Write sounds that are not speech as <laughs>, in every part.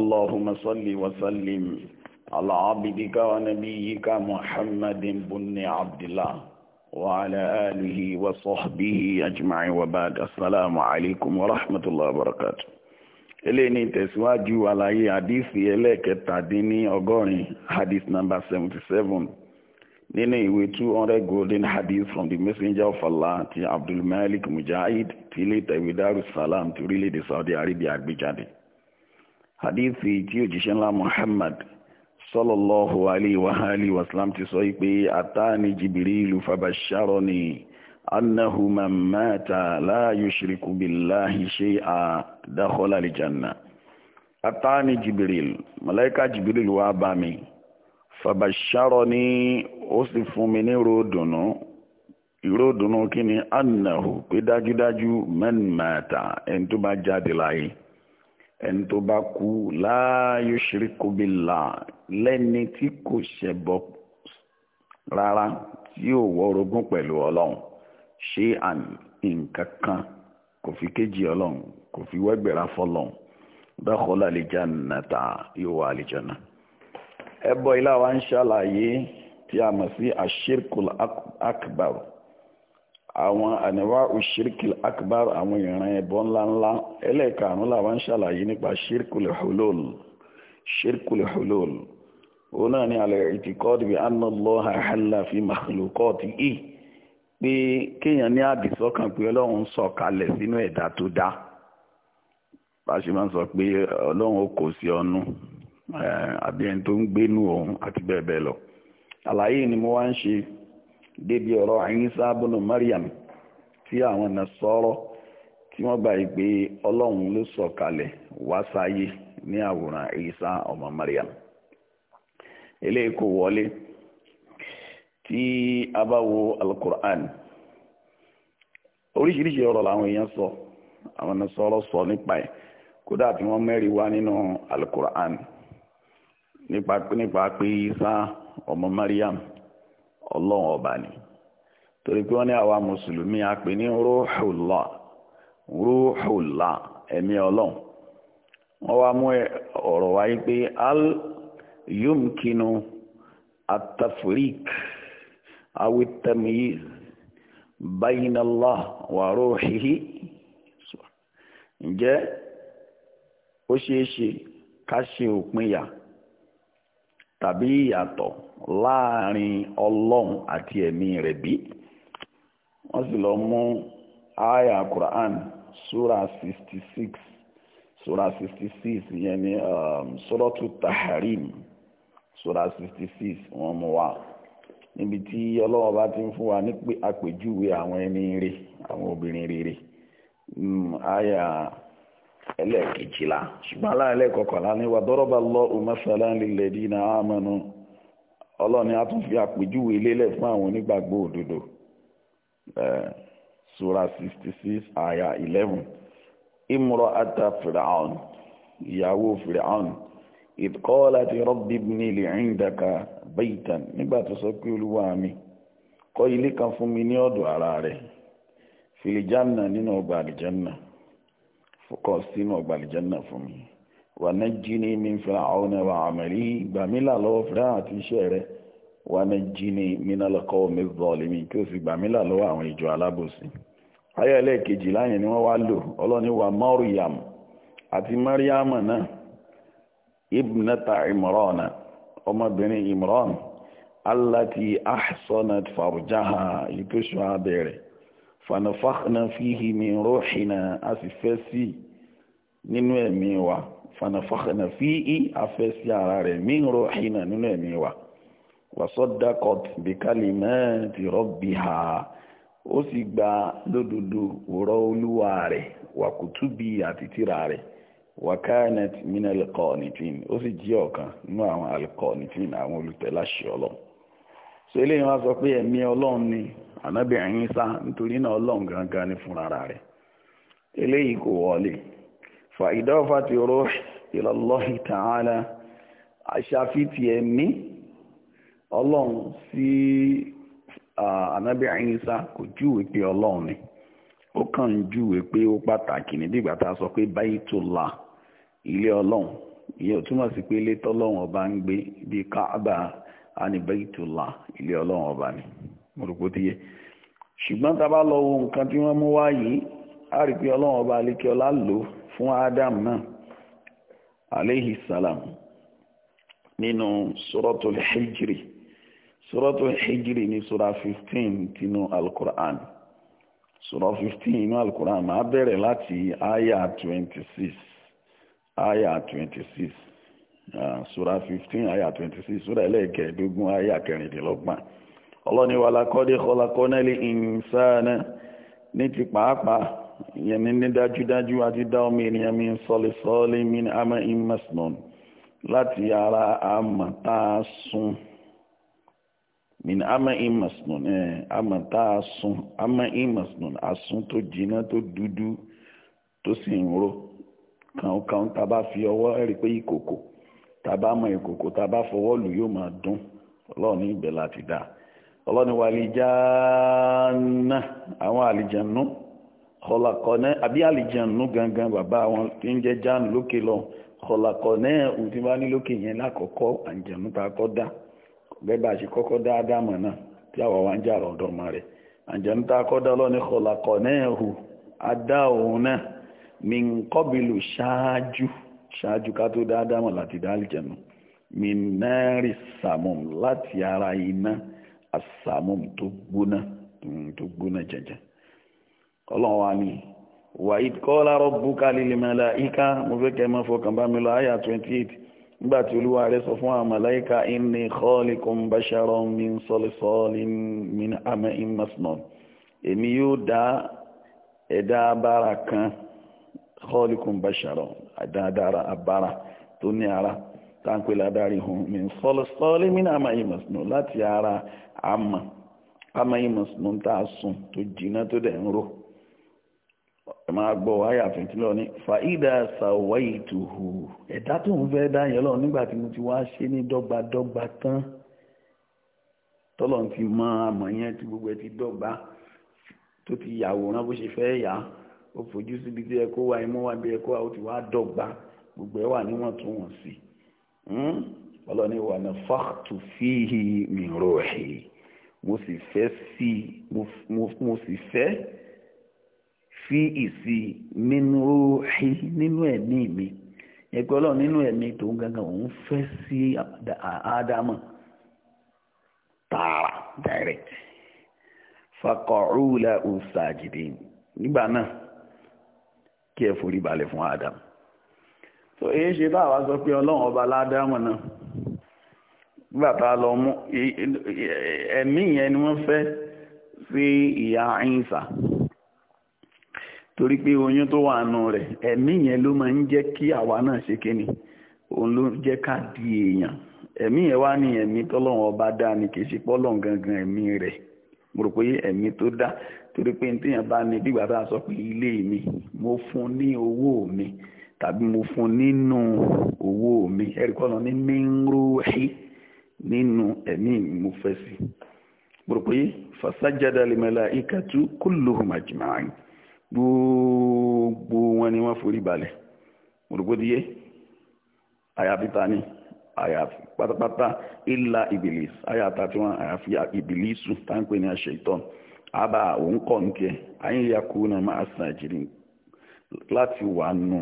اللهم صل وسلم على عبدك ونبيك محمد بن عبد الله وعلى آله وصحبه أجمعين وبعد السلام عليكم ورحمة الله وبركاته eléyìí ni tẹ̀síwájú àlàyé àdìsí ẹlẹ́ẹ̀kẹtàdínní ọgọ́rin hadith number seventy seven nínú ìwé two hundred golden hadith from the messenger of allah ti abdulmalik mujahid ti ilé ìtẹ̀wé darussalam ti orílẹ̀-èdè saudi arabia gbé jáde hadithi tí òjíṣẹ́ ńlá muhammad sallallahu alayhi wa alihi wa sallam ti sọ pé atani jibirilu fabasharoni annahu man mata la yushriku billahi shay'a dakhala aljanna atani jibril malaika jibril wá bá mi fabasharoni ó sì fún mi ní ròdùnú ìró dùnú kí ni annahu pé dájúdájú man ẹni tó bá jáde láyé ẹni tó bá kú la yushriku billah lẹ́ni tí kò ṣẹbọ rárá tí ò wọ orogún pẹ̀lú ọlọ́run ṣé nǹkan kan kò fi kéjì ọlọ́run kò fi wẹ́gbẹ̀rá fọlọ́run dakhala aljannata yóò wá àlìjánà. ẹbọ ilá wa ń ṣàlàyé tí a mọ̀ sí ashirkul akbar. Ak àwọn àníwá òṣìríkì akbar àwọn ìran ẹbọ ńláńlá ẹlẹ́ẹ̀karùn-ún làwọn ń ṣàlàyé nípa ṣírkùlẹ̀ hulul ṣírkùlẹ̀ hulul òun náà ni àlẹ́ ìtìkọ́dì bí anna Allaha ahalla fi makhluqatihi pé kéèyàn ní pé sínú tó dá máa ń sọ pé kò sí àbí ẹni tó ń òun àti lọ àlàyé ni mo wá ń ṣe débi ọ̀rọ̀ àyínsá bọ́nà mariam tí àwọn Nasọ́rọ̀ tí wọ́n gba pé ọlọ́run ló sọ̀kalẹ̀ wá sáyé ní àwòrán àyínsá ọmọ Maryam eléyìí kò wọlé tí a bá wo alukur'an oríṣiríṣi ọ̀rọ̀ làwọn èèyàn sọ àwọn Nasọ́rọ̀ sọ nípa ẹ̀ kódà tí wọ́n mẹ́rin wá nínú alukur'an nípa pé ọmọ ọlọ́run ọba ni torí pé wọ́n ní àwa mùsùlùmí a ní rúhùlá rúhùlá ẹ̀mí ọlọ́run wọ́n wá mú ọ̀rọ̀ pé al yumkinu atafrik awitamiyiz bayinallah wa rúhìhì ǹjẹ́ ó ṣeé ká ṣe òpin tàbí ìyàtọ̀ láàrin ọlọ́run àti ẹ̀mí rẹ̀ bí wọ́n sì lọ mú aya quran sura 66 sura 66 ìyẹn ni um, sọ́rọ́tù tahrim sura 66 wọ́n mú wa níbi tí ọlọ́wọ́ ti ń fún wa nípe àpèjúwe àwọn ẹni rẹ̀ àwọn obìnrin riri: aya 66 ẹlẹ́ẹ̀kejìlá ṣùgbọ́n aláìlẹ́kọ̀ọ́kọ̀lá ní umar dọ́rọ́bà Allahu masalan na amanu ọlọ́ni a tún fi àpèjúwe lélẹ̀ fún àwọn onígbàgbọ́ òdodo sura sixty aya eleven imra'ata Fir'aun ìyàwó Fir'aun id qalat rabbi ibni li 'indaka baytan nígbà tó sọ pé olúwa mi kọ́ ilé kan fún mi ní ọ̀dọ̀ ara rẹ̀ fil janna nínú ọgbà fọkọ̀ sínú ọgbàlìjánà fún mi wà ná jí ní mi fẹ́ àwọn ẹwà àmàlí gbà mí là lọ́wọ́ fẹ́ àti iṣẹ́ rẹ wà ná jí ní mi náà lọ́kọ́ mi bọ́ọ̀lì mi kí o sì gbà mí là lọ́wọ́ àwọn ìjọ alábòsí. ayé ẹlẹ́ẹ̀kejì láyìn ni wọ́n wá lò ọlọ́ni wa mọ́ríyàm àti mọ́ríyàmù náà ibnata imran ọmọbìnrin imran allati ahsanat farjaha èyí tó abẹ́rẹ́ fanafakhna fihi min ruhina a sì fẹ́ sí nínú ẹ̀mí wa fanafakhna fihi a fẹ́ sí ara rẹ̀ min ruhina nínú ẹ̀mí wa wasadakot bikalimati rabbiha ó sì gba lódodo ọ̀rọ̀ olúwa rẹ̀ wàkútúbi àti tírà rẹ̀ wakanet minal qanitin ó sì jẹ́ ọ̀kan nínú àwọn alqanitin àwọn olùtẹ̀láṣẹ ọlọ́run so eléyìí wá sọ pé ẹ̀mí ọlọ́run ni ànábì Ìsá nítorí náà ọlọ́run gangan ni fúnra rẹ̀ eléyìí kò wọlé fa idafati ruh ila Allah tààlà àṣàfitì ẹ̀mí ọlọ́run sí ànábì Ìsá kò júwe pé ọlọ́run ni ó kàn ń júwe pé ó pàtàkì ní dìgbà tá a sọ pé báyìí tó la ilé ọlọ́run ìyẹn ò túmọ̀ sí pé ilé tọ́lọ́run ọba ń gbé bíi Káàbà a ní Baitullah ilé ọlọ́run ọba ni mo rò pé ó ti yé ṣùgbọ́n tá a bá lọ wo nǹkan tí wọ́n mú wá yìí a rí pé ọlọ́run ọba alékeọlá lò fún Adam náà aleyhi salam nínú suratul hijri suratul hijri ní sura fifteen tinú alukur'an sura fifteen inú alukur'an máa bẹ̀rẹ̀ láti aya twenty aya twenty Ah, sura fifteen aya twenty six sura ẹlẹ́ẹ̀kẹ́ẹ̀dógún aya kẹrìndínlọ́gbọ̀n ọlọ́ni wa lakọ́dé kọlakọ́nẹ́lì ìnsánà ní ti pàápàá ìyẹn ní ní dájúdájú àti dá ọmọ ènìyàn mi sọlẹ̀sọ́lẹ̀ mi ní ama imasnon láti ara amọ̀tàásùn mi ní ama imasnon ẹ̀ amọ̀tàásùn ama imasnon àsùn tó jiná tó dúdú tó sì ń ro kàǹkàǹ tá a bá fi ọwọ́ ẹ̀rí pé ìkòkò tàbá mọ ìkòkò tàbá fọwọ́ lù yóò máa dún ọlọ́run ní ibẹ̀ láti dá ọlọ́run ní wàlíjáná àwọn àlìjànú kọlàkọ́nẹ́ àbí àlìjànú gangan bàbá àwọn tí ń jẹ́ jáàánú lókè lọ kọlàkọ́nẹ́ òun ti wá ní lókè yẹn lákọ̀ọ́kọ́ àlìjànú tá a kọ́ dá bẹ́ẹ̀ bá a ṣe kọ́kọ́ dá ádámọ̀ náà tí àwa wá ń jà ọ̀dọ̀ ọmọ rẹ̀ àlìjànú tá a kọ́ dá ọlọ́run ní kọlàkọ́nẹ́ hù adá òun náà min kọ́bìlù ṣáájú ṣáájú ká tó dá ádámọ̀ láti dá àlìjẹ̀nu minari samum láti ara iná asamum tó gbóná mm, tó gbóná jẹjẹ ọlọ́run wa ni wàhíd kọ́lá rabbuka lil malaika mo fẹ́ kẹ́ mọ́ fọkàn bá mi lọ àyà twenty eight nígbà tí olúwa rẹ̀ sọ fún àwọn màláíkà inni khaliqum basharan min salsalin min hama'in masnun èmi yóò dá ẹ̀dá abára kan khaliqum basharan àdáadára abara tó ní ara táǹpé ládárí hun mi ń sọ́lọ́sọ́lé mí náà máa yí mọ̀sùnù ara àmà àmà yí mọ̀sùnù sun to sùn tó jìnnà tó dẹ̀ ń rò ẹ máa gbọ́ àyà fìtílọ́ ní fàídà sàwáìtùhù ẹ̀dá tó ń fẹ́ dáyẹ̀ lọ nígbà tí mo ti wá ṣe ní dọ́gbadọ́gba tán ti gbogbo ẹ ti dọ́gba tó ti yàwòrán bó ṣe fẹ́ yà á ó fojú síbi tí ẹ kó wa imú wa bí ẹ kó wa ó ti wá dọ́gba gbogbo ẹ wà níwọ̀ntúnwọ̀nsì hmm? ọlọ́ni wà ní fàtú fíhì mìíràn ẹ̀ mo sì fẹ́ sí mo sì fẹ́ fi ìsì nínú ẹ̀ nínú ẹ̀mí mi ẹgbẹ́ ọlọ́run nínú ẹ̀mí tó ń gangan òun fẹ́ sí ádámọ̀ tààrà direct fakọ̀rúlà ọ̀sàjìdì nígbà náà kí ẹ forí balẹ̀ fún adam. so èyí ṣe bá wa sọ pé ọlọ́run ọba ládámù náà nígbà tá a lọ mú ẹ̀mí yẹn ni wọ́n fẹ́ sí ìyá Ìsá torí pé oyún tó wà nù rẹ̀ ẹ̀mí yẹn ló máa ń jẹ́ kí àwa náà ṣe kíni òun ló jẹ́ di èèyàn ẹ̀mí yẹn wá ní ẹ̀mí tọ́lọ́run ọba dá ni kì ẹ̀mí rẹ̀ mo rò pé ẹ̀mí tó torí pé ní téèyàn bá ní bígbà bá sọ pé ilé mi mo fún ní owó mi tàbí mo fún nínú owó mi ẹ̀rí kọ́ lọ ní mínrúhí nínú ẹ̀mí mo fẹ́ sí gbogbo fasajada limala ikatu kulluhum ajma'in gbogbo wọn ni wọ́n forí balẹ̀ gbogbo díẹ̀ àyàfi ta ni àyàfi pátápátá illa ibilis àyàtà tí wọ́n àyàfi ibilisu tá ń ní aṣe ìtọ́nù àbá òun nke nkẹ́ ya yakú na máa sàjìrì láti wà nù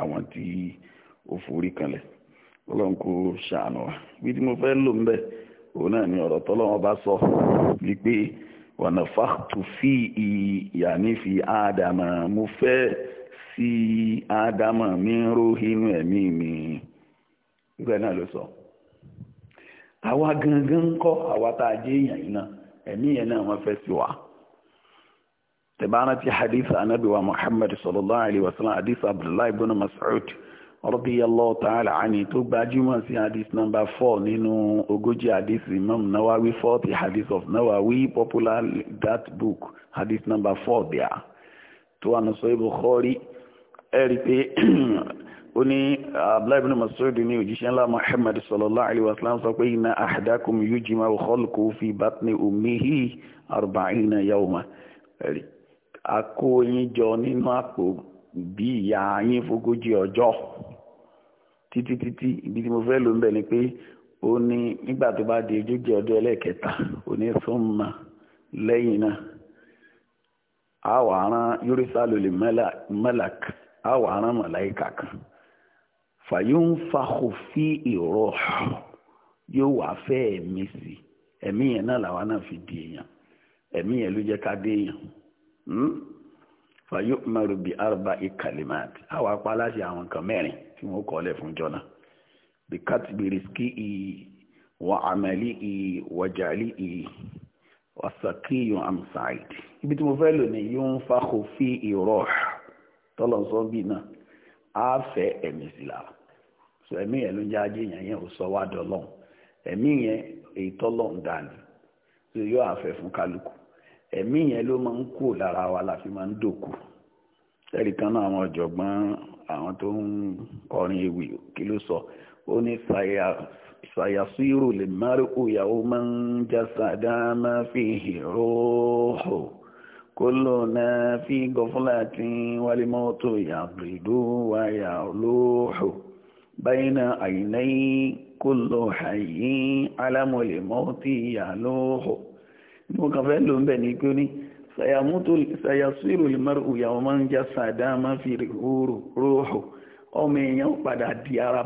àwọn tí ó forí kanlẹ̀ wa bí mo fẹ́ lò ń bẹ̀ òun náà ni ọ̀rọ̀ bá sọ wípé wọ̀nà fàtú fi ìyàní ádámà mo ẹ̀mí yẹn náà wọ́n fẹ́ sí wa tẹ̀bárántí hadith anabi wa muhammad sallallahu alayhi wa sallam hadith abdullahi ibn mas'ud radiyallahu ta'ala anhu tó gbajúmọ̀ sí hadith number four nínú ogójì hadith imam nawawi forty hadith of nawawi popular that book hadith number four there tó wà ní sọ ibùkọ́rí ẹ̀rí pé <clears throat> ó ní abdullahi ibn mas'ud ní òjíṣẹ́ ńlá muhammad sallallahu alaihi wasallam sọ pé inna ahadakum yujma'u khalquhu fi batni ummihi arba'ina yawma ẹ̀rí akó yín jọ nínú àpò bí ìyá yín fógójì ọjọ́ títí títí ibi tí mo fẹ́ ń ni pé ó ní nígbà fàyún fàkó fi ìrọ yóò wá fẹ́ ẹ̀mí sí ẹ̀mí yẹn náà làwa náà fi di èèyàn ẹ̀mí yẹn ló jẹ́ ká dé èèyàn hmm? fàyún mẹ́rùbí arba ikalimati àwọn apá aláṣẹ àwọn nǹkan mẹ́rin tí wọ́n kọ́lẹ̀ fún jọ́nà bí kátìbìrì kí wà àmàlí wàjàlí wasakiyun am sa'id ibi tí mo fẹ́ lò ní yóò fàkó fi ìrọ̀ tọ́lọ̀ sọ́bì náà á fẹ́ ẹ̀mí sí lára so emi yẹn ló ń já ajé yẹn yẹn ò sọ wá dọ̀lọ́n ẹ̀mí yẹn èyí tọ́lọ̀ emi dà so yóò àfẹ́ fún kálukú ẹ̀mí yẹn ló máa ń kú lára wa la máa ń dòkú ẹ̀rí kan náà àwọn ọ̀jọ̀gbọ́n àwọn tó ń kọrin ewì kí ló sọ ó ní ṣàyàṣírò lè máa fi بين عيني كل حي علم الموت يهلوه مكفل بني سيموت سيصير المرء يوما جسدا ما في روحه ọmọ èèyàn padà di ara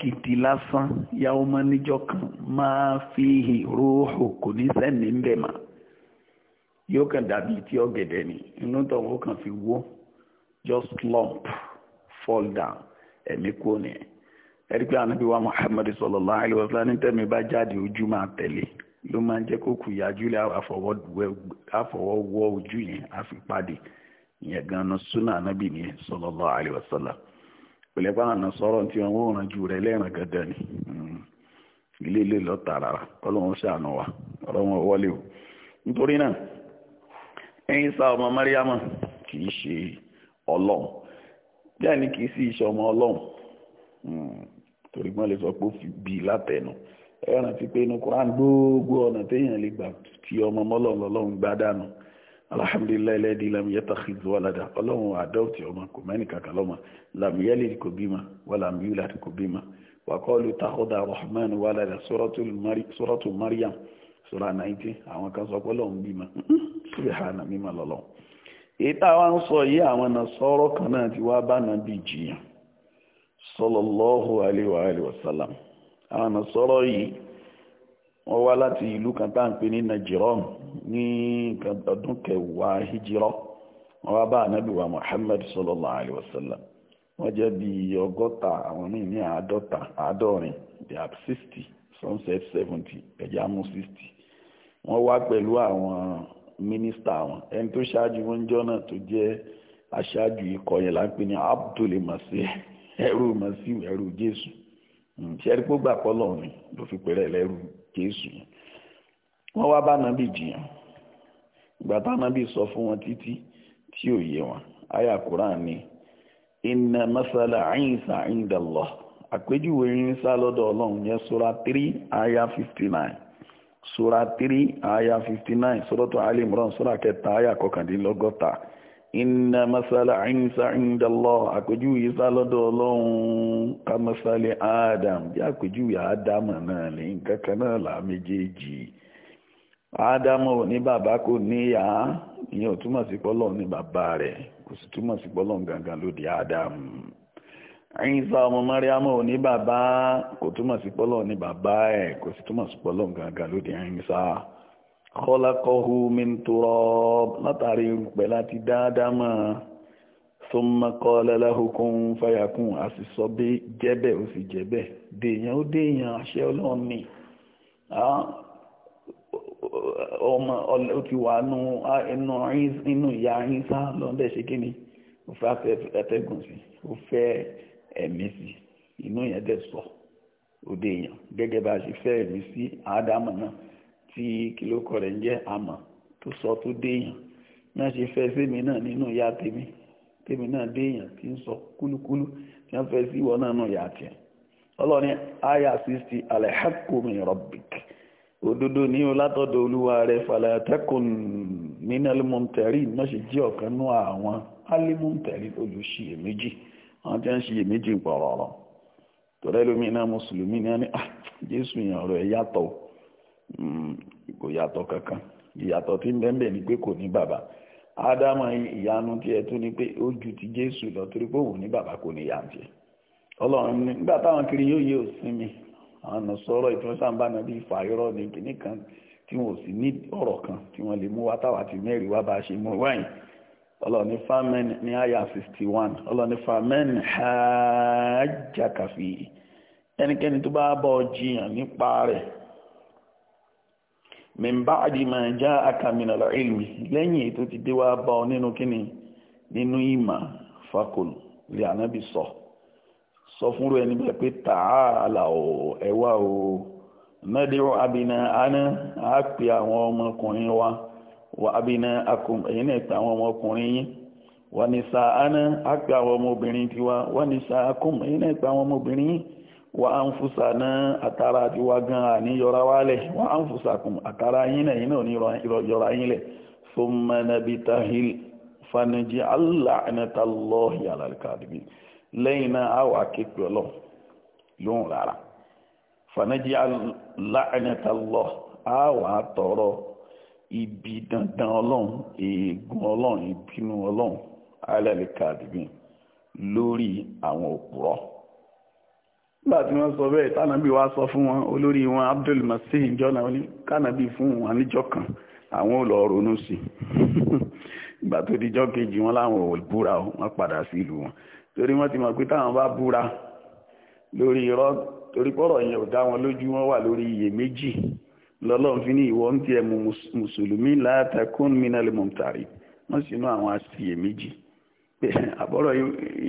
gidi lásán yàwó máa níjọ́ kan máa fi ìróhò kò ní sẹ́ni ń bẹ̀ ni ka fi just lump fall down emi kú ẹ̀rí pé wa Muhammad sallallahu alaihi wasallam ní tẹ́mi bá jáde ojú máa tẹ̀lé ló máa ń jẹ́ kó kù yájú lé àfọwọ́wọ́ ojú yẹn àfipáde ìyẹn súnà sallallahu tí wọ́n ràn rẹ̀ lẹ́ràn ni hmm. ilé ilé lọ tààrà ọlọ́run ṣàánú wa ọlọ́run wọlé o nítorí náà ẹ̀yin sá ọmọ kì í ṣe ọlọ́run kì í ọmọ ọlọ́run hmm. torí wọ́n lè sọ pé ó fi bí látẹnu ẹ rántí pé inú Quran gbogbo ọ̀nà téèyàn lè gbà tí ọmọ mọ́lọ́run lọ́lọ́run gbá dànù alhamdulilayi lẹ́ẹ̀dí lamiyata xizu walada ọlọ́run adọ́ọ̀tì ọmọ kò mẹ́ni kankan lọ́mọ lamiyali kò bímọ walamiyula kò bímọ wakọ́lu takọ́dà rahman walada suratu mariam sura 19 àwọn kan sọ pé ọlọ́run bímọ subahana mímọ lọ́lọ́run èyí táwọn ń sọ yìí àwọn náà kan náà ti wá bá nàbí jiyàn sọlọ́lọ́hù aléwàálẹ̀ wasalam àwọn nasọ́rọ̀ yìí wọ́n wá láti ìlú kan tá ń pè ní najirom ní ọdún kẹwàá hijirọ wọ́n wá bá anábìwá muhammad wasalam wọ́n jẹ́ bí ọgọ́ta àwọn míì ní àádọ́ta àádọ́rin they are sixty some say ẹ̀jẹ̀ amú sixty wọ́n wá pẹ̀lú àwọn mínísítà wọn ẹni tó ṣáájú wọn jọ náà abdul ẹrú masiu ẹrú jésù hmm, ṣẹ́rí pé gbà pọ́lọ̀ ni ló fi pèrè lẹ́rú jésù wọ́n wá bá nàbì jiyàn ìgbà sọ fún wọn títí tí ò yé wọn àyà ni inna masala Isa inda Allah àpèjúwe Isa lọ́dọ̀ ọlọ́run yẹn sura three àyà fifty nine sura three aya fifty nine suratu kẹta aya iná masala àìsà ìdàlọ́ àpèjúwe Ìsá lọ́dọ̀ ọlọ́run ká masala Adam bí àpèjúwe Ádámà náà lè kankan náà là méjèèjì Ádámà ò ní bàbá kò níyà ìyẹn ò túmọ̀ sí pọ́lọ́ ní bàbá rẹ̀ kò sì túmọ̀ sí pọ́lọ́ gangan lóde Ádámù Ìsá ọmọ Mariam ò ní bàbá kò túmọ̀ sí pọ́lọ́ ní bàbá ẹ̀ kò sì túmọ̀ sí pọ́lọ́ gangan lóde Ìsá kọ́lákọ́hu mintúrọ́ látàrí rúpẹ́ láti dáadáma sọmọ kọ́lẹ́láhùkún fàyàkùn a sì sọ bí jẹ́bẹ̀ ó sì jẹ́bẹ̀ dèèyàn ó dèèyàn àṣẹ ọlọ́run ni ọmọ ó ti wà nínú inú ìyá yín sá lọ́dẹ̀ ṣe kí ni ó fẹ́ atẹ́gùn sí ó fẹ́ ẹ̀mí sí inú yẹn dẹ̀ sọ ó dèèyàn gẹ́gẹ́ bá a ṣe fẹ́ ẹ̀mí sí àádámọ̀ náà tí kìlókọ rẹ̀ ń jẹ́ àmọ́ tó sọ tó déèyàn náà ṣe fẹ́ sẹ́mi náà nínú ìyá tèmi tèmi náà déèyàn tí ń sọ kúlúkúlú tí wọ́n fẹ́ sí ìwọ náà nù ìyá tiẹ̀ ọlọ́ni aya sixty alhaqqu min rabbik òdodo ní o látọ̀dọ̀ olúwa rẹ̀ fala takun min al-mumtarin má ṣe jẹ́ ọ̀kan nú àwọn al-mumtarin olùṣiyèméjì àwọn tí wọ́n ṣiyèméjì pọ̀rọ̀rọ̀ tọ́lẹ́lómi náà mùsùlùmí náà ní ah, jésù ìyàn ọ̀rọ̀ ẹ̀ yàtọ̀ Mm, kò yàtọ̀ kankan ìyàtọ̀ tí ń bẹ́ẹ̀ ni pé kò ní bàbá ádámà ìyanu tiẹ̀ tún ni pé ó ju ti jésù lọ torí pé òun ní bàbá kò ní yàǹtì ọlọ́run nígbà táwọn kiri yóò yé òsinmi àwọn ọ̀nà sọ̀rọ̀ ìtúnṣàǹbá náà bíi fàyọ́rọ́ ní kinní kan tí wọn ò sì ní ọ̀rọ̀ kan tí wọ́n lè mú wá táwa àti mẹ́rin wá bá a ṣe mú wáyìn ọlọ́run ní famen ní àyà 61 ọlọ́run ní famen hajjakafi ẹnikẹ́ni tó bá bọ́ jiyàn nípa rẹ̀ min ba'di ma ja'aka min al-ilmi lẹ́yìn ètò ti dé wá bá ọ nínú kíni nínú ìmọ̀ fakul lè ànábì sọ sọ fúnrú ẹni bẹ́ẹ̀ pé ta'ala o ẹwà o nadi'u abina ana á pè àwọn ọmọkùnrin wa wa abina akum ẹ̀yin náà pè àwọn ọmọkùnrin yín wa nisa ana á pè àwọn ọmọbìnrin tiwa wa nisa akum ẹ̀yin náà pè àwọn ọmọbìnrin yín wa n fusa na akara ati gan-an ni yora walekwa wa n fusa kun akara yi ne ni na oni yoroye le so n ma nabi ta hile faneji ala'inata lho yalekadimi l'eyin na awa keku olo lo hun rara faneji ala'inata lho awa toro ibi dandan olohun eegun olohun ipinu olohun alekadimi lori awon ok láti wọ́n sọ bẹ́ẹ̀ tánàbí wá sọ fún wọn olórí wọn Abdul Masih jọ́nà ní kánàbí fún wọn àníjọ́ kan àwọn ò lọ ronú sí <laughs> ìgbà tó dijọ́ kejì wọn láwọn ò búra wọn padà sí ìlú wọn torí wọ́n ti mọ̀ pé táwọn bá búra lórí irọ́ torí pọ́rọ̀ yẹn ò dá wọn lójú wọn wà lórí iyèméjì lọ́lọ́run fi ní ìwọ ń tiẹ̀ mùsùlùmí la takun minal mumtari wọ́n sì nú àwọn aṣiyèméjì àbọ̀rọ̀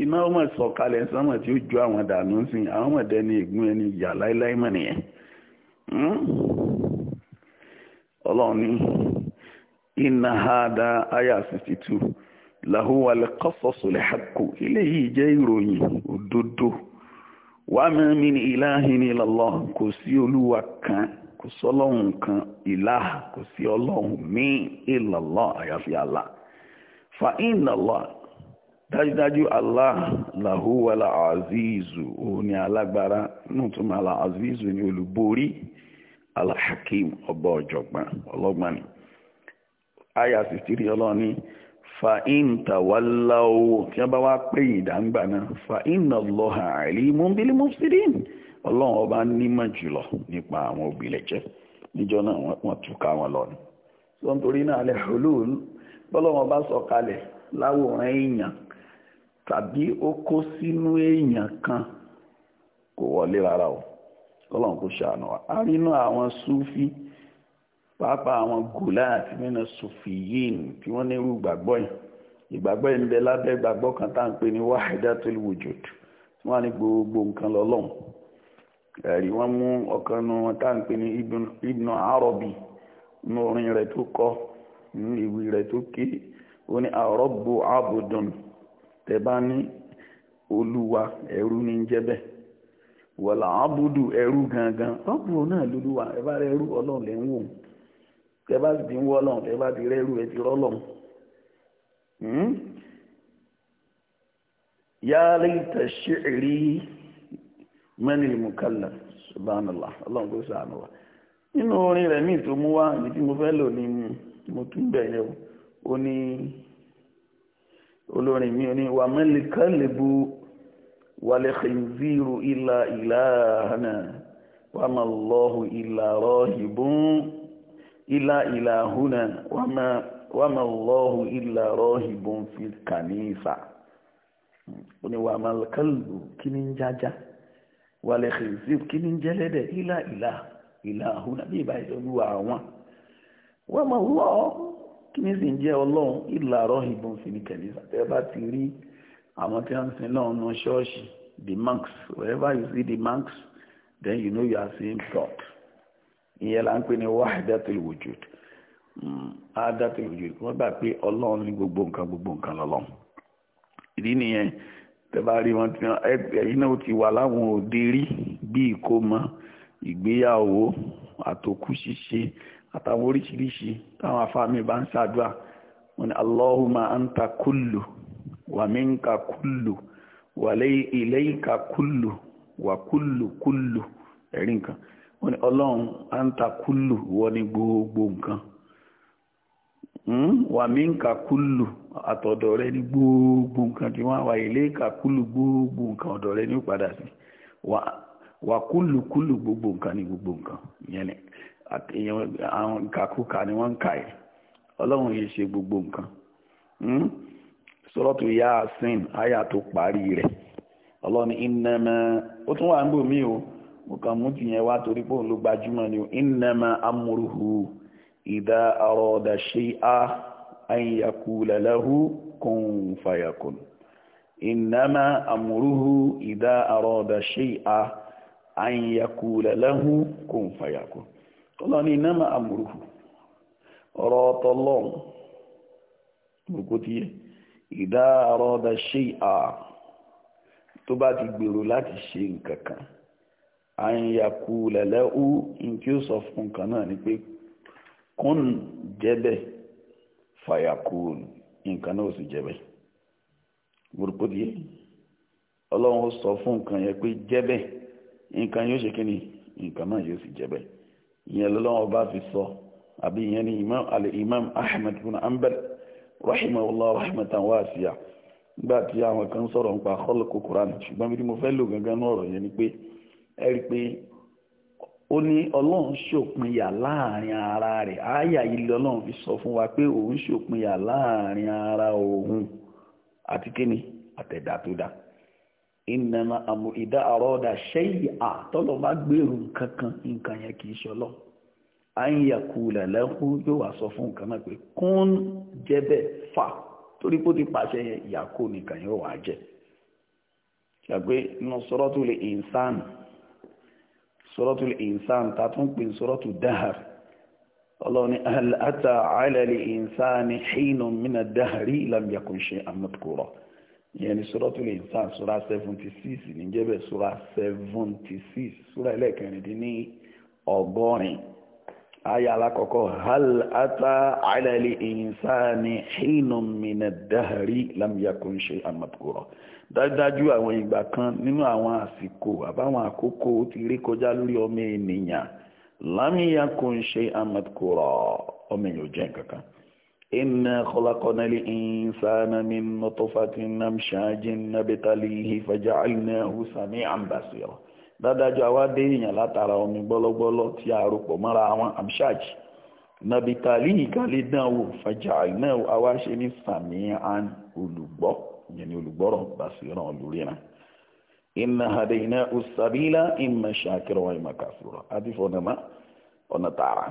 iná ọmọ sọ̀kalẹ̀ sánmọ̀ tí ó ju àwọn dànù sí àwọn ọmọdé ní ègún ẹni ìyà láíláí mọ̀ nìyẹn hmm? ọlọ́run ní iná hada ha sixty two làhùwà lẹ́kọ́sọ̀sọ̀ lẹ́hàkù eléyìí jẹ́ ìròyìn òdodo wàá mímí ní ìlàhìn ní lọ́lọ́ kò kan kò kan kò sí ìlọ́lọ́ àyàfi fa dájúdájú allah làhúwàlà azizu òun ni alágbára náà tún azizu ni olùborí alhakim ọba ọ̀jọ̀gbọ́n ọlọ́gbọ́n ni aya sixty three ọlọ́run ní fa'in tawallawo tí wọ́n bá wá pè ìdáǹgbà náà fa'in ọlọ́run ọba nímọ̀ jùlọ nípa àwọn níjọ́ náà wọ́n túká wọn lọ ni. sọ́ntorí náà sọ kalẹ̀ láwòrán èèyàn tàbí ó kó sínú èèyàn kan kò wọlé rárá o ọlọ́run kò ṣàánú wa a rí inú àwọn súfí pàápàá àwọn gùlá àti mẹ́nà súfì yìí tí wọ́n ní irú ìgbàgbọ́ yìí ìgbàgbọ́ yìí ń bẹ lábẹ́ ìgbàgbọ́ kan tá à ń pè ní wahdatul wujud tí wọ́n ní gbogbo nǹkan lọ́lọ́run ẹ̀rí wọ́n mú ọ̀kan nu wọn tá à ń pè ní Ibn Arabi nínú orin rẹ̀ tó kọ nínú ìwé rẹ̀ tó ké ó ní àrọ́bù abudun tẹba ní olúwa ẹrú ní jẹ́bẹ̀ wọ̀là abudu ẹrú gangan rọ́pù náà lólúwa ẹbá bá rẹrú ọlọ́run lẹ́ ń wò tẹ sì ti ń wọ́ ọlọ́run tẹ bá ti rẹrú ẹ ti hmm? subhanallah kò wa nínú orin tí mo lò ní mo tún o ní. olórin mi ní wà mẹ́lìkálẹ̀bù wàlẹ̀kìnzíru ìlà ìlànà wà má lọ́hù ìlà rọ́hìbún ìlà ìlàhùnà wà má lọ́hù ìlà rọ́hìbún fi kànífà ó ní wà mẹ́lìkálẹ̀bù kí ní jájá wàlẹ̀kìnzíru kí ní jẹ́lẹ́dẹ̀ ìlà ìlàhùnà bí ìbáyé olúwa àwọn wà má lọ́hù kí ní sì ń jẹ́ ọlọ́run ìlàrọ̀ ìbọn sí ní kẹ̀lẹ́sà tẹ́ bá ti rí àwọn tí wọ́n ń sin náà nu ṣọ́ọ̀ṣì the monks wherever you see the monks then you know you are seeing God ìyẹn là ń pè ní wahdatul wujud hmm, wahdatul wujud wọ́n gbà pé ọlọ́run ní gbogbo nǹkan gbogbo nǹkan lọ́lọ́run ìdí nìyẹn tẹ́ bá rí wọn ẹ̀yìn náà ti wà láwọn òde rí bí ìkómọ ìgbéyàwó àtòkù ṣíṣe àtàwọn oríṣiríṣi táwọn afáàmì bá ń ṣàdúrà wọn ni allahumma anta kullu wa minka kullu wa ilayka kullu wa kullu kullu ẹ̀rí nǹkan wọn ni ọlọ́run anta kullu wọ́n ní gbogbo nǹkan wà mí ń kàkúlù àtọ̀dọ̀ rẹ ní gbogbo nǹkan tí wọ́n Wa, ilé kàkúlù gbogbo nǹkan ọ̀dọ̀ rẹ ní padà sí wà kúlùkúlù gbogbo nǹkan ní gbogbo nǹkan ìyẹn ni àwọn ìkàkùkà ni wọ́n ń kà ẹ̀ ọlọ́run yìí ṣe gbogbo nǹkan hmm? sọ́rọ́tù Yásìn àyà tó parí rẹ̀ ọlọ́ni ìnàmà ó tún wà ń bò mí o mo kàn mú tìyẹn wá torí pé òun ló gbajúmọ̀ ni o ìnàmà ṣe á kún fàyàkùn ìdá ṣe tọ́lọ́ ní iná máa múrù ọ̀rọ̀ ọ̀tọ̀lọ́n gbogbo ti yẹ ìdá àrọ̀ ṣe à tó bá ti gbèrò láti ṣe nǹkan kan àyìnyàkú lẹ̀lẹ́ ú nkí ó sọ fún nǹkan náà ni pé kún jẹ́bẹ̀ fàyàkú nǹkan náà sì jẹ́bẹ̀ gbogbo ti yẹ ọlọ́run sọ fún ìyẹn lọ́lọ́wọ́ bá fi sọ àbí ìyẹn ni imam ali imam ahmed bin ambal rahimahullah rahmatan wasiya nígbà tí àwọn kan sọ̀rọ̀ nípa khalqu quran ṣùgbọ́n bí mo fẹ́ lò gangan ní ọ̀rọ̀ yẹn ni pé ẹ rí i pé ó ní ọlọ́run ṣòpinya láàrin ara rẹ̀ sọ fún wa pé òun ṣòpinya láàrin ara òun àti kíni àtẹ̀dá tó dáa ìnàmà àmù ìdá àrọ́dà ṣẹ́yì àtọ́lọ́ bá gbèrú nǹkan kan nǹkan yẹn kì í ṣọlọ́ à ń yà kú lẹ́lẹ́kú yóò wá sọ fún nǹkan náà pé kún jẹ́bẹ̀ fà torí pé ó ti pàṣẹ yẹn ìyàkó nìkan yóò wá jẹ ṣàgbé inú sọ́rọ́tù ìnsán sọ́rọ́tù ìnsán ta tún pè sọ́rọ́tù dáhàr ọlọ́run ni ìnsán ni hìnnà mìíràn ìyẹn ni suratul insan sura seventy six níjẹ́bẹ̀ sura seventy six sura ẹlẹ́kẹrìndín ní ọgọ́rin aya alákọ̀ọ́kọ́ hal ata alali insani hinun mina dahari lam yakun shay'an madhkura dájúdájú àwọn ìgbà kan nínú àwọn àsìkò àbáwọn àkókò ti rí kọjá lórí ọmọ ènìyàn lam yakun shay'an madhkura ọmọ ènìyàn ò jẹ́ nǹkan kan. إنا خلقنا الإنسان من نطفة نمشاج نبتليه فجعلناه سميعا بصيرا dádájọ́ àwa dé èèyàn látara omi gbọ́lọ́gbọ́lọ́ tí a rúpọ̀ mọ́ra àwọn amshaj nabitali ìkàlẹ̀ náà wò faja'alnahu àwa ṣe ní sami'an olùgbọ́ ìyẹn ni olùgbọ́rọ̀ basiran olùríran inna hadaynahu as-sabila imma shakiran wa imma kafura àti fọ̀nàmá ọ̀nà tààrà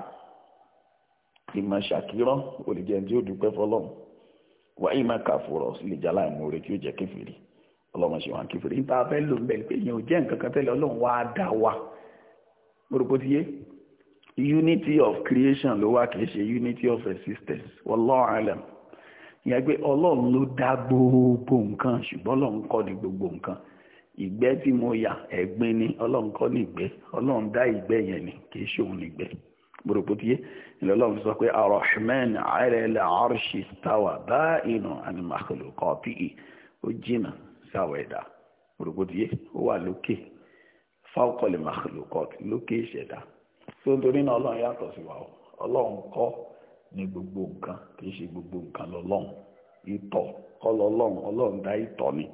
ìmọ̀ ṣàkírọ́ ó lè jẹ́ tí ó dúpẹ́ fọlọ́run wàá ìmọ̀ kàfùrọ̀ sì lè jẹ́ aláìmoore ó jẹ́ kèfèrí ọlọ́mọ ṣe wọn nípa ló ń bẹ̀rẹ̀ pé èèyàn wa unity of creation ló wà kìí ṣe unity of existence wallahu alam ìyẹn pé ọlọ́run gbogbo nǹkan ṣùgbọ́n ọlọ́run kọ́ ni gbogbo nǹkan ìgbẹ́ tí mo yà ẹ̀gbin ni ọlọ́run kọ́ ni ìgbẹ́ ọlọ́run yẹn ni kìí ṣe gbòròpótíyé ìlọ́lọ́run sọ pé arahman àìrẹ̀lẹ̀ arṣi stawa báyìnà ànìmàkàlù kọ́pìí ó jìnà sáwọ̀ ẹ̀dá gbòròpótíyé ó wà lókè fáwọ́kọ̀lẹ̀ màkàlù kọ́pì lókè ìṣẹ̀dá tó ń torí náà ọlọ́run yàtọ̀ sí wa ọlọ́run kọ́ ní gbogbo nǹkan kì í ṣe gbogbo nǹkan lọ́lọ́run ìtọ̀ kọ́ lọ́lọ́run ọlọ́run dá ìtọ̀ ni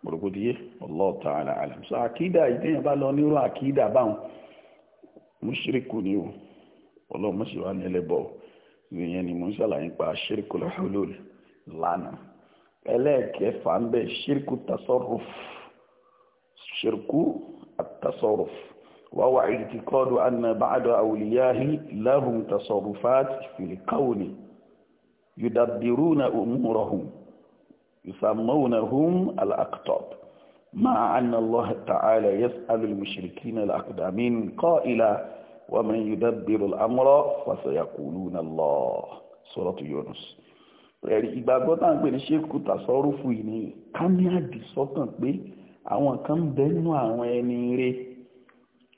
gbòròpótíyé Allah ta'ala alam so àkídà ìdíyàn bá lọ nírú àkídà báwọn mushriku ni o ọlọ́run mọ̀ṣẹ́ wa ní ẹlẹ́bọ̀ ìyẹn ni mo ń ṣàlàyé pa ṣírkù lọ́hùlùl lánàá ẹlẹ́ẹ̀kẹfà ń bẹ ṣírkù tasọ́rùf ṣírkù àtasọ́rùf wàwà ìtìkọ́dù anna ba'da awliyahi lahum tasọ́rùfàt fil kawni yudabbiruna umurahum yusammawunahum al-aqtab مع أن الله تعالى يسأل المشركين الأقدمين قائلا ومن يدبر الأمر فسيقولون الله سورة يونس ẹ̀rí ìgbàgbọ́ tá à ń pè ní ṣéèkù tàṣọ́rùfù yìí ni ká ní àdìsọ́kàn pé àwọn kan ń bẹ́nu àwọn ẹni rẹ̀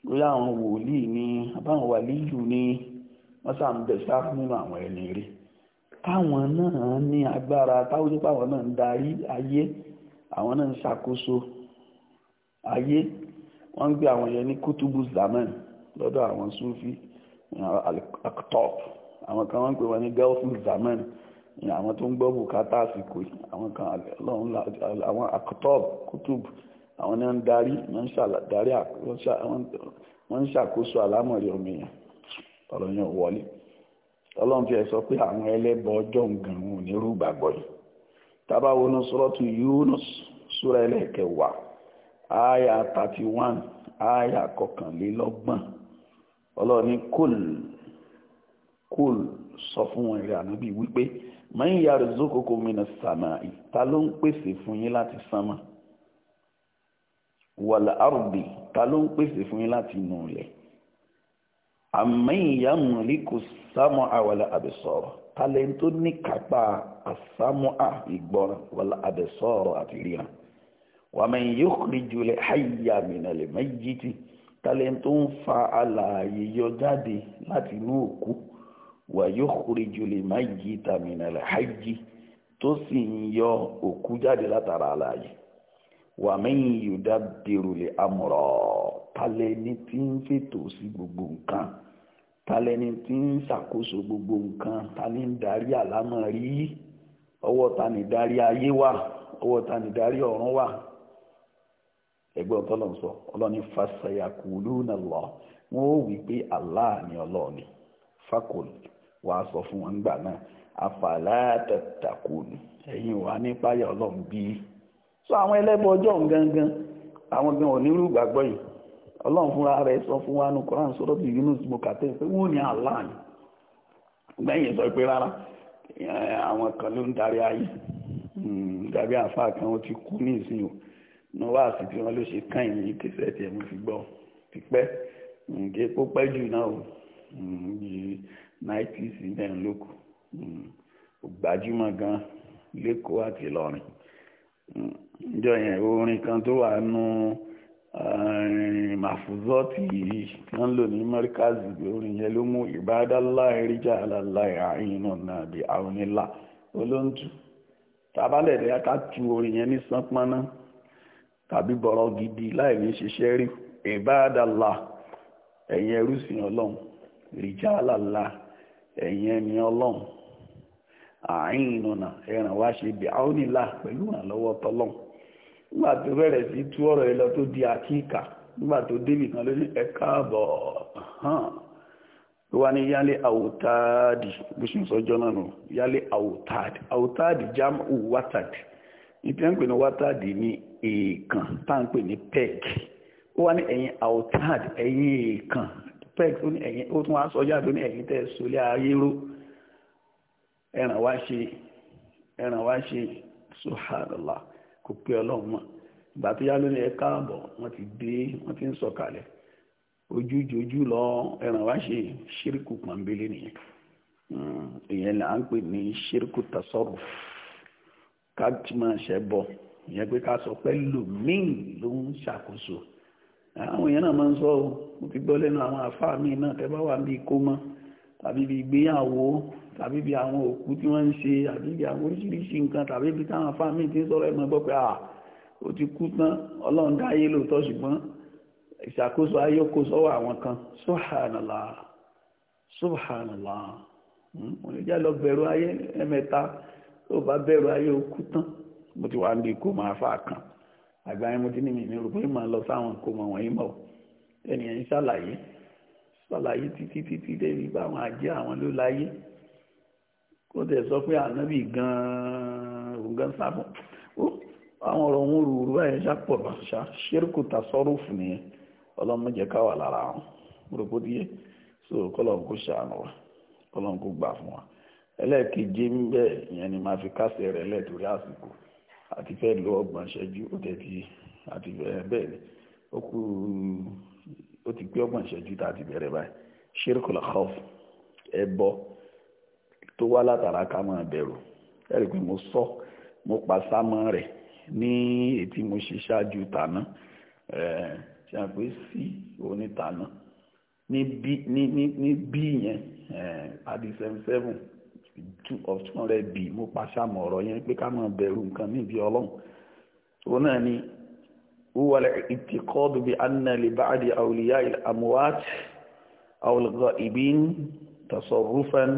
lórí àwọn wòlíì ni àbáwọn wàlíyù ni wọ́n sá ń bẹ̀ sáfù nínú àwọn ẹni rẹ̀ táwọn náà ní agbára táwọn nípa àwọn náà ń darí ayé àwọn náà ń ṣàkóso ayé wọ́n ń gbé àwọn yẹn ní kútùbù zamani lọ́dọ̀ àwọn sufi akitop àwọn kan wọ́n ń pè wọ́n ní gelfin zaman àwọn tó ń gbọ́ bùkátà àsìkò àwọn kan àwọn akitop kutub àwọn náà ń darí wọ́n ń ṣàkóso àlámọ̀rí ọmọ èèyàn ọ̀rọ̀ yẹn ò wọlé ọlọ́run fi ẹ̀ sọ pé àwọn ẹlẹ́bọ ọjọ́ nǹkan wọn ní rú gbàgbọ́ yìí tábà wọnú sọ́rọ́tù Yunus súra ẹlẹ́kẹwàá àyà thirty one àyà kọkànlélọ́gbọ̀n ọlọ́run ní kúl kúl sọ fún wọn ìrìn ànábì wípé man yarzuqukum minas sama'i ta ló ń pèsè fún yín láti sánmà wal ardi ta ló ń pèsè fún yín láti inú ilẹ̀ amman yamliku sam'a wal absara talẹ̀ tó ní kápá àsámúà ìgbọ́ràn wal absara àti ríran wa man yukhriju al hayya minal mayyiti tálẹ̀ tó ń fa alààyè yọ jáde láti inú òkú wa yukhrijul mayyita minal hayyi tó sì ń yọ òkú jáde látara alààyè wa man yudabbirul amra tálẹ̀ ní tí ń fètò sí gbogbo nǹkan tálẹ̀ ní tí ń ṣàkóso gbogbo nǹkan tálẹ̀ ń darí àlámọ̀ rí ọwọ́ ta ni darí ayé wà ọwọ́ ta ni darí ọ̀run wà ẹgbẹ́ ọ̀tọ́lọ̀ ń sọ ọlọ́ni fasayakulu nàlọ́ wọn ó wí pé Allah ni ọlọ́ọ̀ni fakol wà á sọ fún wọn gbà náà afàlátàkùn ẹ̀yin wà ní páyà ọlọ́run bí i sọ àwọn ẹlẹ́bọ ọjọ́ gangan àwọn gan onírú gbàgbọ́ yìí ọlọ́run fúnra rẹ̀ sọ fún wa nù Quran sọ́dọ̀ ti Yunus mo kà tẹ́ pé wọ́n ní Allah ni gbẹ̀yìn sọ pé rárá àwọn kan ló ń darí ayé hmm, dàbí àfáà kan ó ti kú ní ìsinyìí ní wáàsí tí wọ́n ló ṣe kàn yìí kẹsẹ̀ tí ẹ̀ mo fi gbọ́ pípẹ́ nǹkan epo pẹ́ jù náà o yìí náìtì sí mẹ́rin ló kù ó gbajúmọ̀ gan lẹ́kọ̀ọ́ àti Ìlọrin ìjọ yẹn orin kan tó wà nù màfúzọ́ọ̀tì yìí wọ́n ń lò ní mẹ́ríkàzì orin yẹn ló mú ìbádálá ìríjà àlàlá àìyínà náà bí àwọn onílà olóńtù tabalẹ̀ dẹ́ka tu orin yẹn ní sánpọ́n náà. tàbí bọ̀rọ̀ gidi láì ṣiṣẹ́ rí ìbáàdàlà ẹ̀yin ẹrúsìn ọlọ́run rìjálàlà ẹ̀yin ẹni ọlọ́run àárín ìnùnà ẹ̀ràn wá ṣe bí pẹ̀lú ìrànlọ́wọ́ tọ́lọ́run nígbà di àkíkà nígbà tó débì kan lórí hàn ló wá ní yálé àwòtáàdì bó ṣe ń nù ìpínlẹ̀ ní wátàdì ní èèkàn táǹpẹ̀ ní peg ó wá ní ẹ̀yìn autad ẹ̀yìn èèkàn peg ó ní ẹ̀yìn ó tún wá sọ jáde ní ẹ̀yìn tẹ́ sólé ayéró ẹ̀ràn wá ṣe ẹ̀ràn wá ṣe sùhàlùlà kò pé ọlọ́run mọ́ ìgbà tó yá ti dé wọ́n ti ń sọ̀kalẹ̀ ojújojú lọ ẹ̀ràn wá ṣe ṣírìkù pọ̀nbélé nìyẹn hmm, ká tí máa ṣẹ́ bọ̀ ìyẹn pé ká sọ pé lòmíì ló ń ṣàkóso àwọn èèyàn náà máa ń sọ mo ti gbọ́ lẹ́nu àwọn àfáà mi náà tẹ́ bá wà ní ikó mọ́ tàbí bí ìgbéyàwó tàbí bí àwọn òkú tí wọ́n ń ṣe àbí bí àwọn oríṣiríṣi nǹkan tàbí bí táwọn àfáà mi ti ń sọ̀rọ̀ ẹ̀mọ́ gbọ́ pé à ó ti kú tán ọlọ́run dá lóòótọ́ ṣùgbọ́n ìṣàkóso ayé kó sọ́wọ́ àwọn kan subhanallah subhanallah hmm? mo lè jẹ́ lọ bẹ̀rù ayé ẹ̀mẹ́ta tó bá bẹ̀rù ayé okú tán mo ti wà níbi ìkómọ afá kan àgbà yẹn mo ti ní mi ní rò pé màá lọ sáwọn ìkómọ wọ̀nyí mọ̀ ẹnìyẹn ń ṣàlàyé ṣàlàyé títí títí débi báwọn àjẹ́ àwọn ló láyé kó tẹ̀ sọ pé ànábì gan-an òun gan sábọ̀ àwọn ọ̀rọ̀ wọn rò rú báyẹn ṣàpọ̀ ṣá ṣírkù ta sọ́rọ̀ fún nìyẹn ọlọ́mọdé káwà lára àwọn mo so kọ́lọ́n kó ṣàánú wa kọ́lọ́n gbà fún wa ẹlẹ́ẹ̀keje ń bẹ̀ ìyẹn ni màá fi kásẹ̀ rẹ̀ lẹ̀ àsìkò àti fẹ́ lo ọgbọ̀n ìṣẹ́jú ó tẹ̀ àti bẹ́ẹ̀ ni ó kú ó ti pé ọgbọ̀n ìṣẹ́jú tá a ti bẹ̀rẹ̀ báyìí ṣírkùlà khawf ẹbọ tó wá látara ká máa bẹ̀rù ẹ̀rí pé mo sọ mo pa sámọ́ rẹ̀ ní ètí mo ṣe ṣáájú tàná ṣe à pé sí onítàná ní bí yẹn adi seven seven ọ̀tún rẹ bì mo pàṣàmọ̀ ọ̀rọ̀ yẹn pé ká má bẹ̀rù nǹkan mí bí ọlọ́run òun náà ni wúwa ìtìkọ́dù bí anna lè bá àdì àwòlíyá àmúwát àwòlùgọ́ ìbín tasọ̀rúfẹ́n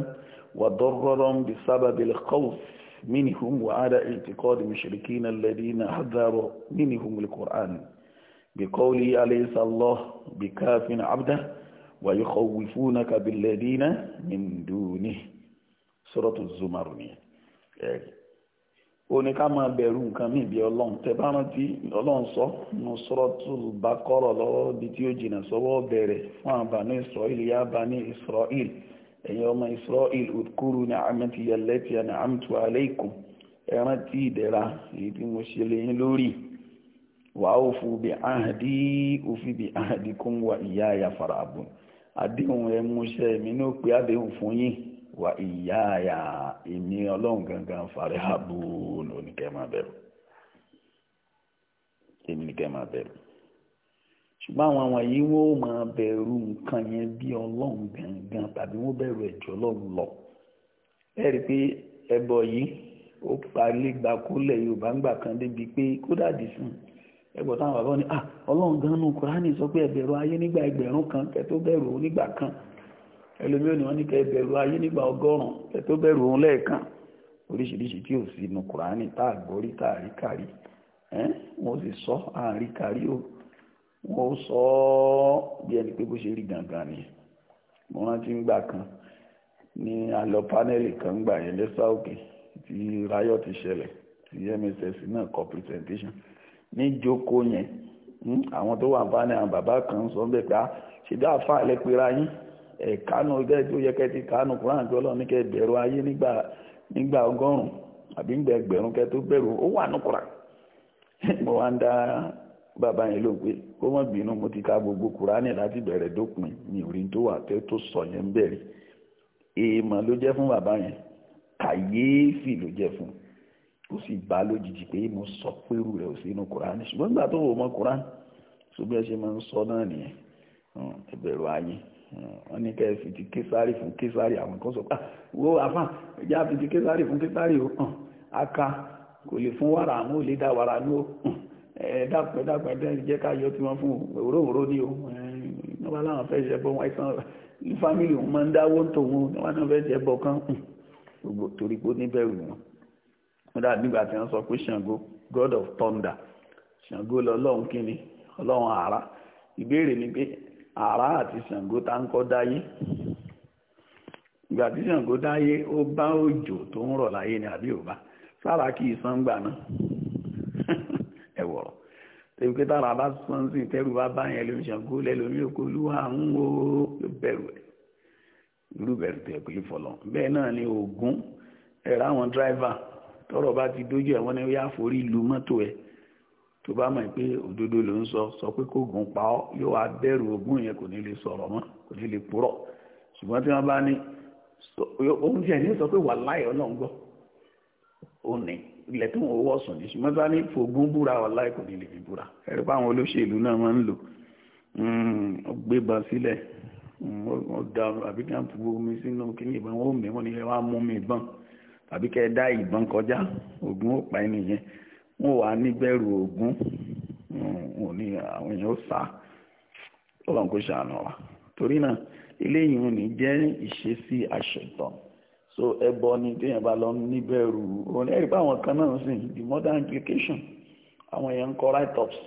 wà dọ́rọ́rọ́n bí sábàbí lẹ́kọ́f mínihùn wà ádà ìtìkọ́dù mìṣìríkì náà lẹ́dí na hàdàrọ̀ mínihùn lẹ́kọ̀ọ́rán bí kọ́lì aléṣàlọ́ bí káfíń abdá wà yóò kọ̀wé fúnaka bí lẹ́dí na mìndúnìí Suratu Zumar ni ẹ̀rí ó ní ká máa bẹ̀rù nǹkan mí bí ọlọ́run tẹ bá rántí ọlọ́run sọ nínú Suratu Baqara lọ́wọ́ bí tí ó jìnà sọ́wọ́ bẹ̀rẹ̀ fún àbánú Israel yá bani Israel ẹ̀yin ọmọ Israel udkuru ni'amati allati an'amtu alaykum ẹ rántí ìdẹ̀ra èyí tí mo ṣe lé yín lórí wàáwòfù bí àhàdí òfin bí àhàdí kún wa ìyá àyàfàrà àbùn àdéhùn ẹ mú iṣẹ́ mi ní pé àdéhùn fún yín wà ìyáàyà ìmí ọlọ́run gangan fàrí àbú oníkẹ́ máa bẹ̀rù èmi nìkẹ́ máa bẹ̀rù ṣùgbọ́n àwọn àwọn yìí wọ́n máa bẹ̀rù nǹkan yẹn bí ọlọ́run gangan tàbí wọ́n bẹ̀rù ẹ̀jọ́ ọlọ́run lọ ẹ pé ẹbọ yìí ó parí gbàkúlẹ̀ yorùbá ńgbà kan débi pé kódà dìsùn ẹgbọ́n táwọn bàbá ní ah, ọlọ́run gan nù kúránì sọ pé ẹbẹ̀rù ayé nígbà ẹgbẹ̀rún kan kẹ tó bẹ̀rù onígbà kan ẹlòmí ò ní wọ́n ní kẹ́ bẹ̀rù ayé nígbà ọgọ́rùn-ún ẹ tó bẹ̀rù òun lẹ́ẹ̀kan oríṣiríṣi tí ò sí inú kùránì tá a gbọ́ rí tá a rí kárí wọ́n sì sọ à ń rí kárí o wọ́n sọ ọ́ bí ẹni pé bó ṣe rí gangan ni mo rántí ngbà kan ní alọ pánẹ́lì kan gbà yẹn lẹ́sà òkè tí ráyọ̀ ti ṣẹlẹ̀ tí mss náà kọ presentation ní jókòó yẹn hmm, àwọn tó wà pánẹ́ àwọn bàbá kan sọ bẹ́ẹ̀ pé ṣèdá àfa àlẹ́ pera yín ẹ̀kánú ẹgbẹ́ tó yẹ kẹ́ ti kánú kúrán tó lọ ní kẹ́ bẹ̀rù ayé nígbà nígbà ọgọ́rùn àbí nígbà ẹgbẹ̀rún kẹ́ tó bẹ̀rù ó wà núkúrà <laughs> mo wá ń dá bàbá yẹn ló ń pè kó mọ̀ bínú mo ti ka gbogbo kúránì láti bẹ̀rẹ̀ dópin ní orí tó wà tẹ́ tó sọ yẹn bẹ̀rẹ̀ èèmọ̀ ló jẹ́ fún bàbá yẹn kàyééfì ló jẹ́ fún ó sì bá lójijì pé mo sọ pérù rẹ̀ ò sínú kúránì ṣùgbọ́n nígbà tó wò mọ́ kúránì ṣùgbọ́n ẹ ṣe máa ń sọ náà nìyẹn ẹbẹ̀rù ayé wọ́n ní kẹ́ fi ti késàrì fún késàrì àwọn kan sọ pé ah, wo àfà ẹ̀já fi ti késàrì fún késàrì ó hàn aka kò lè fún wàrà àmú ò lè dá wàrà ní ó ẹ̀ẹ́dàpẹ́ dàpẹ́ dẹ́rẹ́ jẹ́ ká yọ tí wọ́n fún òróòró ní o níwá láwọn fẹ́ ṣe bọ́ wọn ẹ̀sán ní fámìlì òun máa ń dáwó tòun níwá náà fẹ́ ṣe bọ́ kán gbogbo torí pé ó níbẹ̀rù wọn wọ́n dà nígbà tí wọ́n sọ pé Ṣàngó god of thunder Ṣàngó lọ́lọ́run kíni ọlọ́run àrá ìbéèrè ni pé àrá àti ṣàngó tá ń kọ́ dáyé ìgbà tí ṣàngó dáyé ó bá òjò tó ń rọ̀ láyé ni àbí òbá sára kì í sán gbà náà <laughs> ẹ̀wọ̀rọ̀ tẹ̀wé pé tára bá sán sí tẹ́rù bá bá yẹn lómi ṣàngó lẹ́lómi òkú olúwa ń wo bẹ̀rù ẹ̀ irú bẹ̀rù tẹ̀ pé fọlọ́ bẹ́ẹ̀ náà ni Ògún ẹ̀rọ àwọn dráìvà tọ́rọ̀ bá ti dójú ẹ̀ wọ́n ní ó yá forí lu mọ́tò ẹ̀ tó bá mọ̀ pé òdodo ló ń sọ sọ pé kógun pa ọ́ yóò wá bẹ̀rù ogun yẹn kò ní lè sọ̀rọ̀ mọ́ kò ní lè purọ́ ṣùgbọ́n tí wọ́n bá ní ohun tí ẹ̀ ní sọ pé wà láì ọlọ́run gbọ́ ó ní ilẹ̀ tó ń wọ́ sùn ní ṣùgbọ́n tí wọ́n ní fògùn búra wà láì kò ní lè fi búra ẹ̀rí pé olóṣèlú náà máa ń lò hmm, ó gbébọn sílẹ̀ hmm, àbí kí wọ́n fu omi sínú kí ní ìbọn ó mẹ́wọ́n ni ẹ wá mú mi ìbọn tàbí kẹ́ ẹ dá ìbọn kọjá ògùn ó pa ẹni yẹn wọn wà níbẹ̀rù ogun wọn ní àwọn èèyàn sá ọlọ́run kò ṣàánú wa torí náà eléyìí wọn ní jẹ́ ìṣesí àṣetàn so ẹbọ ni téèyàn bá lọ níbẹ̀rù òun ẹ̀rí pé àwọn kan náà sì the modern implication àwọn èèyàn ń kọ write-ups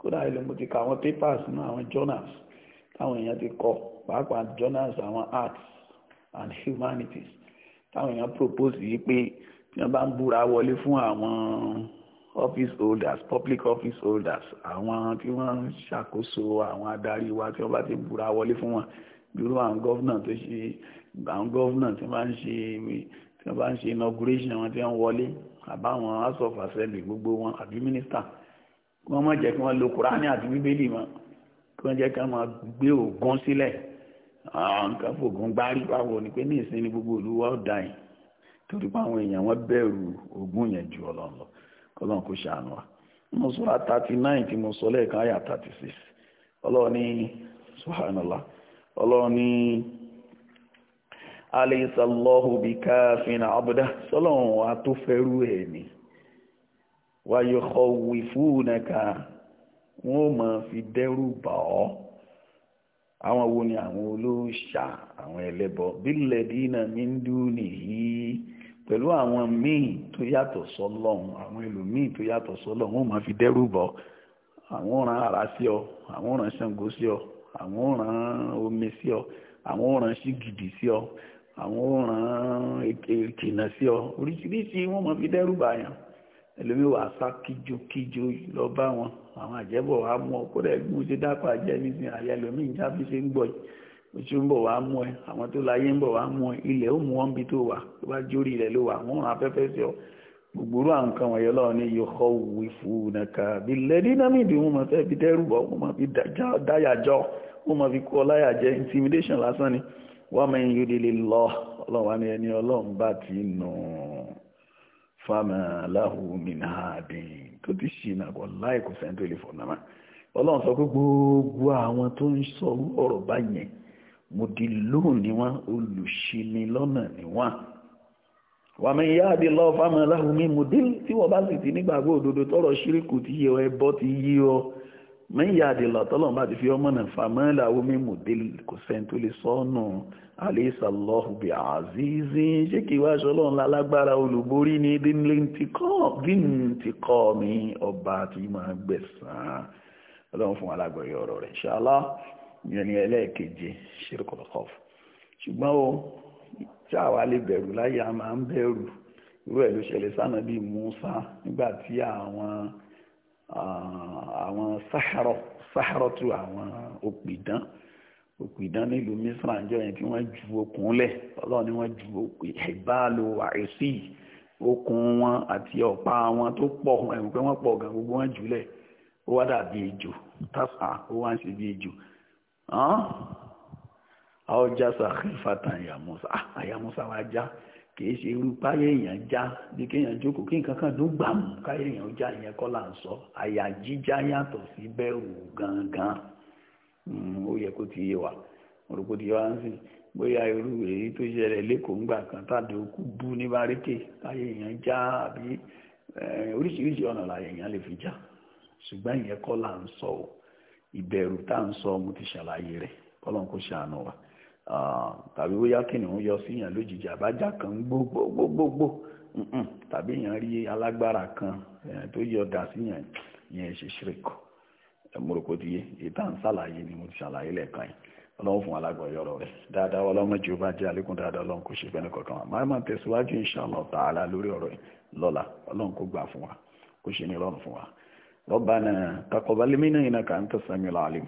kódà ilé mo ti ka àwọn papers náà àwọn journals táwọn èèyàn ti kọ pàápàá journals àwọn arts and humanities táwọn èèyàn propose yìí pé tí wọ́n bá ń búra wọlé fún àwọn office holders public office holders àwọn tí wọ́n ń ṣàkóso àwọn adarí wa tí wọ́n bá ti búra wọlé fún wọn dúró àwọn gọ́vnà tó ṣe àwọn gọ́vnà tí wọ́n bá ń ṣe tí wọ́n bá ń ṣe inauguration wọn tí wọ́n wọlé àbáwọn house of assembly gbogbo wọn àbí minister kí wọ́n má jẹ́ kí wọ́n lo kuraani àti bíbélì mọ́ kí wọ́n jẹ́ kí wọ́n máa gbé ògùn sílẹ̀ àwọn nǹkan fògùn gbárí báwo ni pé ní ìsinmi gbogbo olúwa ọ̀dà yìí torí pé àwọn èèyàn wọn bẹ̀rù ògùn yẹn ju ọlọ́run lọ ọlọ́run kò ṣàánú wa nínú sura tí mo sọ lẹ́ẹ̀kan àyà 36 ọlọ́run ní subhanallah ọlọ́run ní aleyhisallahu bikafin tó fẹ́rú ẹ̀ ni wáyé fi dẹ́rù bà ọ́ àwọn wo ni àwọn olóòṣà àwọn ẹlẹ́bọ bílẹ̀ dínà mí pẹ̀lú àwọn míì tó yàtọ̀ sọ́lọ́hun àwọn ẹlòmíì tó yàtọ̀ sọ́lọ́hun ó máa fi dẹ́rù bọ̀ àwọn òràn ara sí ọ àwọn òràn ṣàngó sí ọ àwọn òràn omi sí ọ àwọn òràn ṣígìdì sí ọ àwọn òràn èkìnà sí ọ oríṣiríṣi wọ́n máa fi dẹ́rù bà yàn ẹlòmíì wàá sá kíjokíjo lọ bá wọn àwọn àjẹbọ wa mú ọ kó dẹ gbọ́n ṣe dápọ̀ àjẹmí sí àyẹlòmíì ń jáfi ṣe ń gbọ́ yìí oṣù ń bọ̀ wá mú ẹ àwọn tó láyé ń bọ̀ wá mú ẹ ilẹ̀ ó mú wọn bí tó wà tó bá jórí ilẹ̀ ló wà wọ́n rán afẹ́fẹ́ sí ọ gbogbo àwọn nǹkan wọ̀nyẹn lọ́wọ́ ní yòókọ́ wí fún nàka bílẹ̀ dínamìtì wọn máa fẹ́ fi dẹ́rù bọ̀ wọn máa fi dáyàjọ́ wọn máa fi kú ọ láyàjẹ́ intimidation lásán ni wọ́n máa ń yọdílé lọ ọlọ́wà ni ẹni ọlọ́run bá ti nù fámà aláhùnmínà àdín tó ti ṣìnà kọ láì kò sẹ́ńtò mùdìlóhùn ni wọ́n olùṣini lọ́nà ni wọ́n wàmí ìyá àdì lọ fáwọn aláhùn mi mùdìl tí wọ́n bá sì ti nígbàgbọ́ òdodo tọrọ ṣíríkù ti yẹ ẹbọ ti yí ọ mí ìyá àdì lọ tọ́lọ̀ bá ti fi ọmọ náà fáwọn aláhùn mi mùdìl kò sẹ́ni tó lè sọ́nù alayhisallahu bi azizi ṣé kí wá aṣọ ọlọ́run lálágbára olùborí ní díntíkọ́ mi ọba tí máa gbẹ̀sán ọlọ́run fún alágbẹ̀rẹ̀ ọ̀rọ̀ rẹ̀ inshallah ìyẹn ni ẹlẹ́ẹ̀keje ṣírkùl khawf ṣùgbọ́n o tí àwa lè bẹ̀rù láyé a máa ń bẹ̀rù irú ẹ̀ ló ṣẹlẹ̀ sáà náà bíi Musa nígbà tí àwọn àwọn sáhárọ̀ sáhárọ̀ tu àwọn òpìdán òpìdán nílùú Misra ń jọ yẹn tí wọ́n ju okùn lẹ̀ ọlọ́run ni wọ́n ju ìbáàlò àìsí okùn wọn àti ọ̀pá wọn tó pọ̀ ẹ̀wọ̀n pé wọ́n pọ̀ gan gbogbo wọn jùlẹ̀ ó wá dàbí ejò tásà ó wá ń ṣe bí ejò a ó já sàkífàtà ìyàmúsà àyàmúsà wa já kìí ṣe irú páyé èèyàn já bí kéèyàn jókòó kí nǹkan kan dún gbàmù káyé èèyàn já ìyẹn kọ́ là ń sọ àyà jíjá yàtọ̀ sí bẹ́ẹ̀rù gangan hmm, ó yẹ kó ti yé wa orúkọ ti yé wa ń sìn bóyá irú èyí tó ṣẹlẹ̀ lẹ́kọ̀ọ́ ńgbà kan tàbí okú bú ní báríkè káyé èèyàn já àbí eh, oríṣiríṣi ọ̀nà làyè èèyàn lè fi já ṣùgbọ́n ìyẹn kọ́ là ń sọ o ìbẹ̀rù tá à ń sọ mo ti ṣàlàyé rẹ̀ kọ́lọ́n kó ṣàánú wa tàbí bóyá kìnìún yọ sí yàn lójijì àbájá kan gbogbogbogbogbò tàbí yàn rí alágbára kan tó yọ dà sí yàn yẹn ṣe ṣírèkọ mọ̀rọ̀kọ́ ti yé ìta ń ṣàlàyé ni mo ti ṣàlàyé lẹ́ẹ̀kan yìí ọlọ́run fún alágbọ̀nyọ́rọ̀ rẹ̀ dáadáa ọlọ́mọ jù bá jẹ́ àlékún dáadáa ọlọ́run kò ṣe fẹ́ni kankan wa ta'ala lórí ọ̀rọ̀ yìí lọ́la ọlọ́run kó gbà fún wa kó ربنا تقبل منا إنك أنت السميع العليم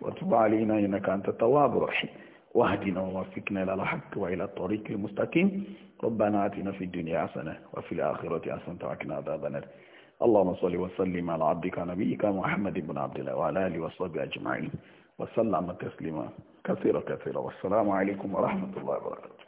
وتب علينا إنك أنت التواب الرحيم واهدنا ووفقنا إلى الحق وإلى الطريق المستقيم ربنا آتنا في الدنيا حسنة وفي الآخرة حسنة وقنا عذاب النار اللهم صل وسلم على عبدك نبيك محمد بن عبد الله وعلى آله وصحبه أجمعين وسلم تسليما كثيرا كثيرا والسلام عليكم ورحمة الله وبركاته